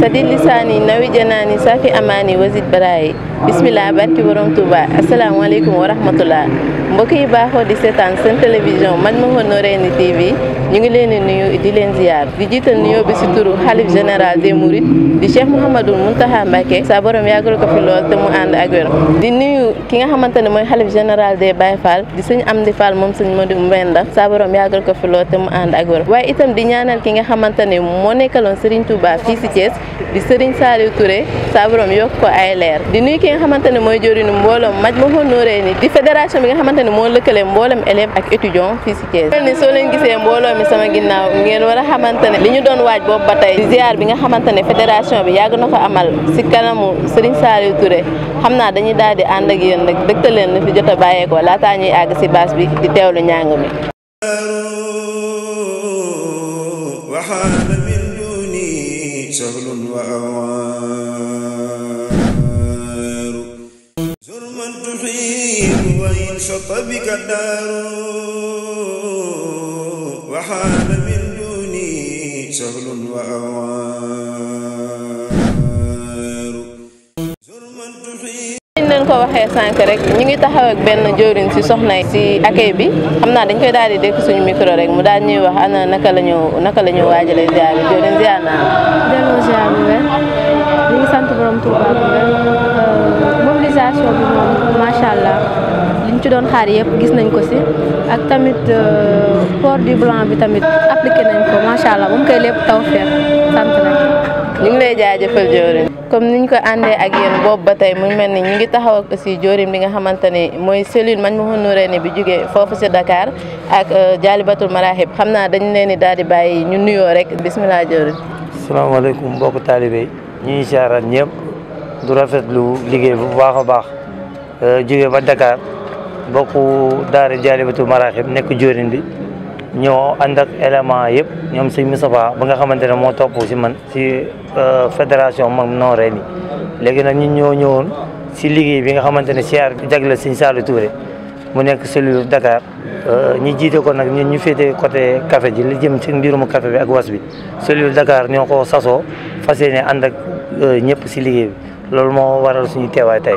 sadi lisaani nawi janaani safi amaani wasit baraayi bisimilah barki borom Touba asalaamaaleykum wa rahmatullah mbokk yi baaxoo di seetaan seen télévision Majmahun Nurayni TV ñu ngi leen di nuyu di leen ziar di jiital nuyoo bi si turu xalif général des Mourides di Cheikh Mouhamadul Mountakha Mbacké sa borom yàggal ko fi lool te mu ànd ak wér di nuyu ki nga xamante ne mooy xalif général des Baye Fall di sëñ di Fall moom sëñ Modou Mbenda sa borom yàggal ko fi lool te mu ànd ak wér waaye itam di ñaanal ki nga xamante ne moo nekkaloon Serigne Touba fii si Thiès di Serigne Saliou Touré sa borom ko ay leer di nuyu ki nga xamante ne mooy jëriñu mbooloom Majmahun Nurayni di fédération bi nga xamante ne moo lëkkale mbooloom élèves ak étudiants fii si Thiès soo leen gisee mbooloo mi sama ginnaaw ngeen war a xamante ne li ñu doon waaj boobu ba tey ziar bi nga xamante ne fédération bi yàgg na ko amal si kanamu Serigne Saliou Touré xam naa dañuy daal di ànd ak yéen nag dëgtal leen na fi jot a bàyyeekoo laataa ñuy àgg si baas bi di teewlu njàng mi وحال من دوني سهل وأوان شط بك الدار وحال من دوني شغل وأوار nañ ko waxee sànq rek ñu ngi taxaw benn jëwriñ si soxna si accueil bi xam naa dañ koy daal di dégg suñu micro rek mu daal ñuy wax ana naka la ñu naka la ñu waajale ziar euh, mobilisation bi moom macha allah ci doon xaar yëpp gis nañ ko si ak tamit euh, port du blanc bi tamit appliqué nañ ko macha allah bu mu lépp taw feex sant nañ ñu ngi lay jaajëfal joorin comme niñ ko àndee ak yéen boobu ba tey mu mel ni ñu ngi taxaw si aussi joorin bi nga xamante ni mooy cellule Majmahun Nurayni bi jugee foofu si Dakar ak euh, Jaalibatul Marahib xam naa dañ leen di daal di bàyyi ñu nuyoo rek bisimilah joorin asalaamaaleykum mbokk taalibe ñu ngi siyaaraat ñëpp du lu liggéey bu baax a baax euh, jóge ba Dakar bokku daara jaalibatu maraaxib nekk jóorin bi ñoo ànd ak élément yëpp ñoom sëñ Moustapha ba nga xamante ne moo topp si man si euh, fédération mag nooree ni léegi nag ñun ñoo ñëwoon si liggéey bi nga xamante ne siyaar bi jagleel sëñ Saliou Touré mu nekk cellule Dakar euh, ñi jiite ko nag ñun ñu féete côté café ji li jëm si mbirum café bi ak was bi cellule dakaar ñoo ko saso fa yéene ànd ak euh, ñëpp si liggéey bi loolu moo waral suñu teewaay tey.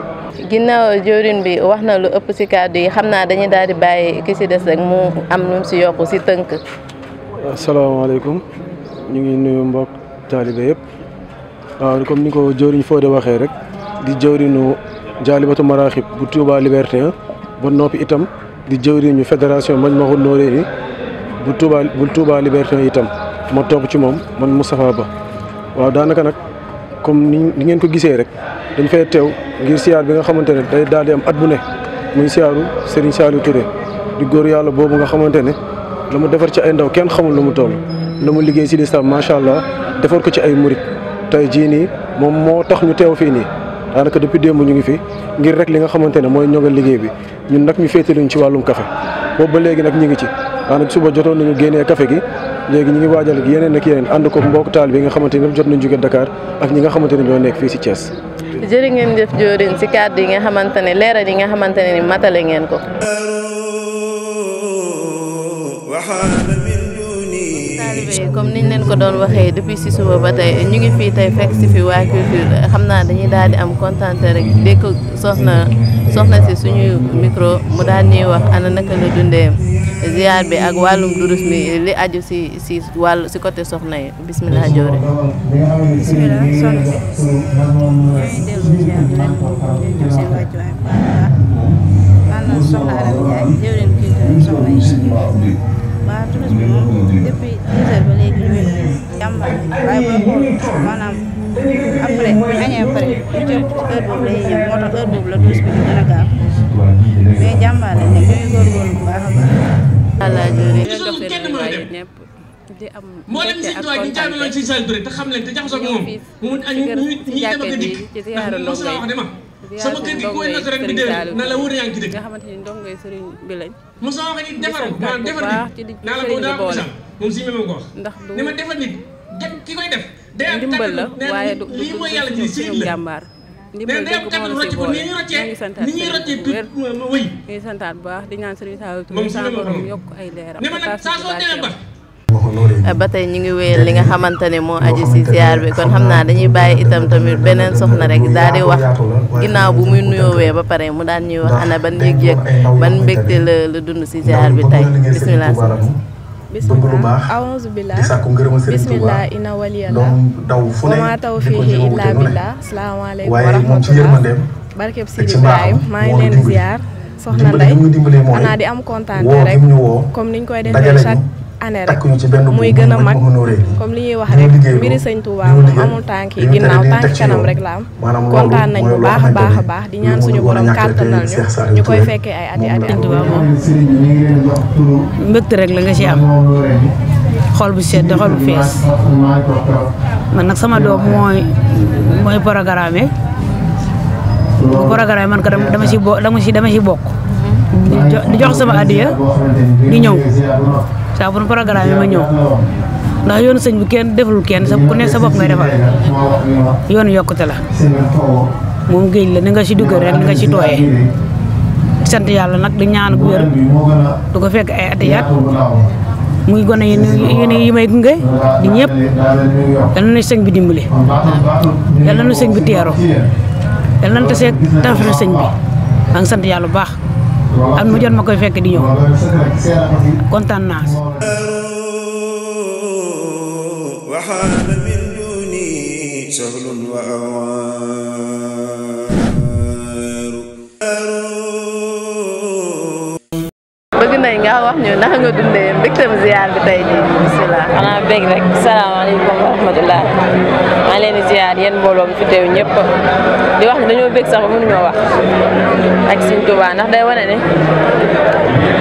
ginnaaw jëwriñ bi wax na lu ëpp ci kàddu yi xam naa dañuy daal di bàyyi ki si des rek mu am lu si ci yokku ci tënk. asalaamaaleykum ñu ngi nuyu mbokk taalibe yëpp waaw comme ni ko jëwriñ de waxee rek di jëwriñu jaalibatu maraaxib bu Touba Liberté ba noppi itam di jëwriñu fédération Majmahun Nurayni bu Touba bu Touba Liberté itam ma topp ci moom man Moustapha Ba waaw daanaka nag. comme ni ngeen ko gisee rek dañ fay teew ngir siyaar bi nga xamante ne day daal am at bu ne muy siyaaru Serigne yu Touré di góor yàlla boobu nga xamante ne la mu defar ci ay ndaw kenn xamul lu mu toll la mu liggéey si lislaam macha allah defar ko ci ay murit tey jii nii moom moo tax ñu teew fii nii daanaka depuis démb ñu ngi fi ngir rek li nga xamante ne mooy ñoŋal liggéey bi ñu nag ñu féetaluñ ci wàllum café boobu ba léegi nag ñu ngi ci daanaka suba jotoon nañu génnee café gi léegi ñu ngi waajal ak yeneen ak yeneen ànd ko mbokk taal bi nga xamante ni jot nañ jóge Dakar ak ñi nga xamante ni ñoo nekk fii si Thiès. jërë ngeen jëf joorin ci kàddu yi nga xamante ne leeral yi nga xamante ne ni matale ngeen ko. comme niñ leen ko doon waxee depuis si suba ba tey ñu ngi fii tey fekk si fi waa culture xam naa dañuy daal di am kontante rek dégg soxna soxna si suñu micro mu daal ñuy wax ana naka la dundee. ziar bi ak wàllum durus mi li aju si si wàll si côté soxna yi bisimilah joore bisimilah soxna bi rek ñooy bi moom depuis deux heures ba léegi ñu ngi jàmbaar waaye booy xool moo tax heure boobu la tourisme bi gën a gaaw ñëpp di am mboolem si doy ñu jaameloon si Saliou Touré te xam leen te jaxasoo ak moom mu ak ñu ñu ñi dem ak a dikk ndax mos la wax de ma sama kër gi koy nas ren bi déwén na la wóor yaa ngi ci dëkk nga xamante ni ndongo yi sëriñ bi lañ mos la wax ni defar maanaam defar nit naa la ko daa ko sax moom si même ko wax ndax du ni ki koy def ndimbal la waaye du lii mooy yàlla ci sëriñ ndimbal dëgg moom si boole ñoo ngi santaat santaat baax di ñaan sëriñ Saliou Touré saa borom yokk ay leeram ba tey ñu ngi wéyal li nga xamante ne moo aji si ziar bi kon xam naa dañuy bàyyi itam tamit beneen soxna rek daal di wax ginnaaw bu muy nuyoowee ba pare mu daan ñuy wax ana ban yëg ban mbégte la la dund si ziar bi tey bisimilah. bismillah aawuzu billah bismillah inna waliyallah wa ma tawfiiqi illa billah asalaamaaleykum wa rahmatullah barkeb Sidi Ibrahim maa ngi leen ziar soxna Ndeye xanaa di am kontaan rek comme niñ koy defee chaque année rek muy gën a mag comme li ñuy wax rek mbiri sëñ Touba moom amul tànk yi ginnaaw tànk kanam rek la am kontaan nañ bu baax baax a baax di ñaan suñu borom kàttanal ñu ñu koy fekkee ay ati ati ati mbëgte la nga ci am xol bu sedd xol bu fees man nag sama doom mooy mooy programme programme man ko dama ci dama si dama si bokk di jox sama addiya di ñëw saa bu nu programme yi ma ñëw ndax sëñ bu kenn defalul kenn sa ku ne sa bopp ngay defal yokkute la moom géej la ni nga si duggee rek ni nga si tooyee sant yàlla nag di ñaan gu wér ko fekk ay ati yaat muy gone yi yi di ñëpp yal na sëñ bi dimbali yal na sëñ bi teeru na te seeg tafri sëñ bi maa ngi sant yàlla bu baax am mu fekk di ñëw kontaan naa وحال من دوني سهل وأوان nañ nga wax ñu naka nga dundee mbégte mu ziar bi tey jii bisimilah. xanaa bég rek salaamaaleykum wa rahmatulah maa leen di ziar yéen mbooloo mi fi teew ñëpp di wax ne dañoo bég sax ba mënuñoo wax ak suñ Tuubaa ndax day wane ne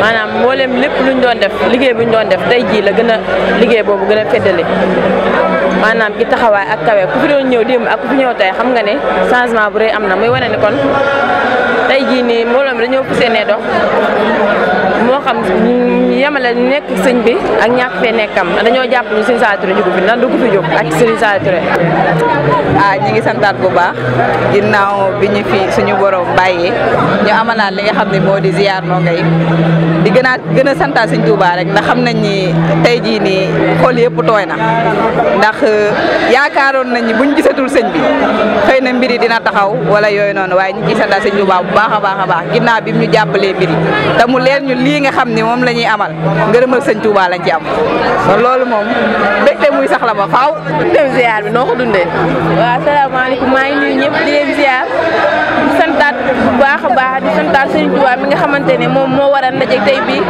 maanaam mboolem lépp luñ doon def liggéey buñ doon def tey jii la gën a liggéey boobu gën a feddale maanaam ci taxawaay ak kawe ku fi doon ñëw démb ak ku ñëw tey xam nga ni changement bu rëy am na muy wane ne kon. tey jii nii mbooloo mi dañoo fas yéenee dox moo xam yemale nekk sëñ bi ak ñàkk fee nekkam jàpp ni sëñ Saliou Touré jógu fi ndax du ko fi jóg ak sëñ ah, ngi santaat bu baax ginnaaw bi ñu fi suñu borom bàyyee ñu amalaat li nga xam ne moo di ziar ndongo yi di gën a gën a santaat sëñ Touba rek ndax xam nañ ni tey jii nii xol yëpp tooy na ndax eh, yaakaaroon nañ ni buñ gisatul sëñ bi xëy na mbir yi dina taxaw wala yooyu noonu waaye ñu ngi santaat sëñ Touba bu baax baax a baax a baax ginnaaw bi ñu jàppalee mbir yi te mu leer ñu lii nga xam ne moom la ñuy amal ngërëmal sëñ Touba lañ ci am kon loolu moom mbégte muy sax la ma faaw. dem ziar bi noo ko dundee. waaw salaamaaleykum maa ngi nuyu ñëpp di leen di santaat bu baax a baax di santaat sëñ Touba mi xamante ne moom moo waral ndaje tey bii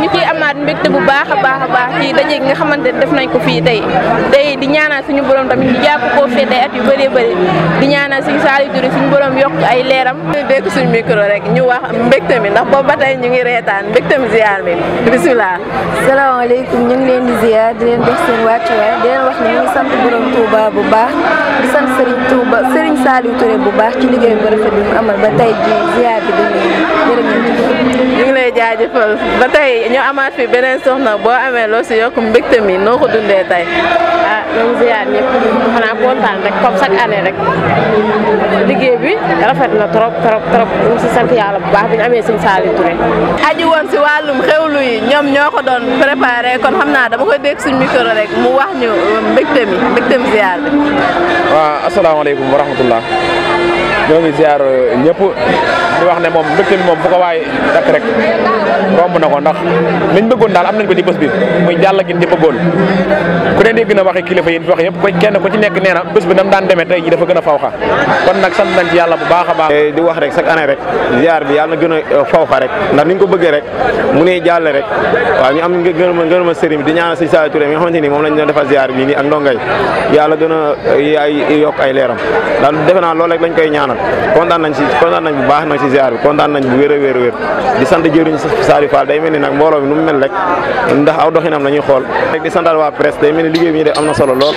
ñu ciy amaat mbégte bu baax a baax a baax ci ndaje gi nga xamante ne def nañ ko fii tey di ñaanal suñu borom tamit di jàpp koo fee tey at yu bëree bëri ñaanal suñu Saliou Diouré suñu borom yokk ay leeram dégg suñu micro rek ñu wax mbégte mi ndax boobu ba tey ñu ngi reetaan mbégte mi ziar mi bisimilah salaamaaleykum ñu ngi leen di di leen def seen wàccuwaay di leen wax ne ñu ngi sant borom Touba bu baax di sant Serigne Touba Serigne Saliou bu baax ci liggéey bu rafet bi mu amal ba tey ji ziar bi dañuy jërëjëf jaajëfal ba tey ñu amaat fi beneen soxna boo amee loo si yokk mbégte mi noo ko dundee tey. ah ñoom ziar ñëpp xanaa liggéey bi rafet na trop trop trop ñu si sant yàlla bu baax bi ñu amee suñu Saliou Touré. aju si wàllum xewlu yi ñoom ñoo ko doon préparé kon xam naa dama koy dégg suñu rek mu wax ñu euh, mbégte mi mbégte mi ziar bi. waaw asalaamaaleykum wa rahmatullah ñoo ngi ziar euh, ñëpp di wax ne moom mbégte mi moom fu ko waay dakk rek romb na ko ndax liñ bëggoon daal am nañ ko ci bés bi muy jàll gi ñu bëggoon ku ne dégg na kilifa yi wax yëpp kenn ku ci nekk nee na bés bi nam daan demee tey ji dafa gën a fawxa kon nag sant nañ ci yàlla bu baax a baax eh, di wax rek chaque année rek ziar bi yàlla na gën a eh, fawxa rek ndax niñ ko bëggee rek mu ne jàll rek waaw ñu am gënëma gënëma sëriñ bi di ñaanal si Saliou Touré mi nga xamante moom lañ doon defal ziar bi nii ak ndongay yàlla gën a eh, ay ay leeram daal defe naa lool rek lañ koy ñaanal kontaan nañ ci kontaan nañ bu baax nañ ci kontaan nañ bu wér a wér Saliou Fall day mel ni nag mbooloo mi nu mu mel rek ndax aw doxinam la ñuy xool rek di waa presse day mel ni liggéey bi ñu def am na solo lool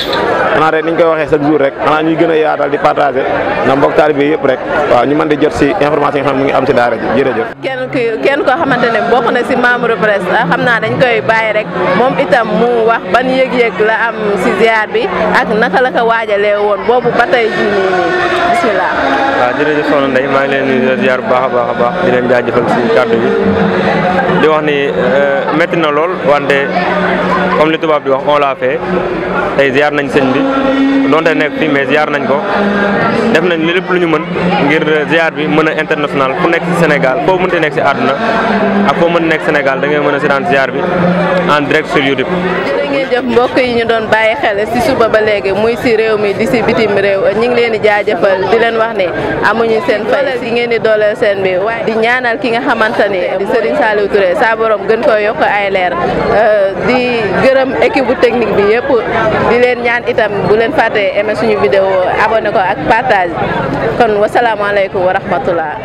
xanaa rek niñ koy waxee chaque jour rek xanaa ñuy gën a yaatal di partager ndax mbokk taalibe yëpp rek waaw ñu man di jot si information xam ne mu ngi am si daara ji jërëjëf kenn ku kenn koo ne bokk si membre presse ah, xam naa dañ koy bàyyi rek moom itam mu wax ban yëg-yëg la am si ziar bi ak naka la ko waajalee woon boobu ba tey jii nii nii bismillah waaw jërëjëf soxna Ndeye maa ngi leen di bu baax a a baax di leen jaajëfal si kàddu bi di wax ni euh, métti na lool wante comme li tubaab di wax on l'a fait tey ziar nañ sëñ bi donte nekk fii mais ziar nañ ko def nañ lépp lu ñu mën ngir ziar bi mën a international ku nekk si Sénégal foo mënti nekk si àdduna ak foo mën nekk Sénégal da ngay mën a si daan bi en direct sur YouTube jërëjëf mbokk yi ñu doon bàyyi xel si suba ba léegi muy si réew mi di si bitim réew ñu ngi leen di jaajëfal di leen wax ne amuñu seen fay si ngeen di dooleel seen bi waaye di ñaanal ki nga xamante ni di Serigne Saliou gën koo yokk ay leer euh, di gërëm équipe bu technique bi yëpp di leen ñaan itam bu leen fàtte aimé suñu vidéo abonné ko ak partage kon wasalaamaaleykum wa rahmatullah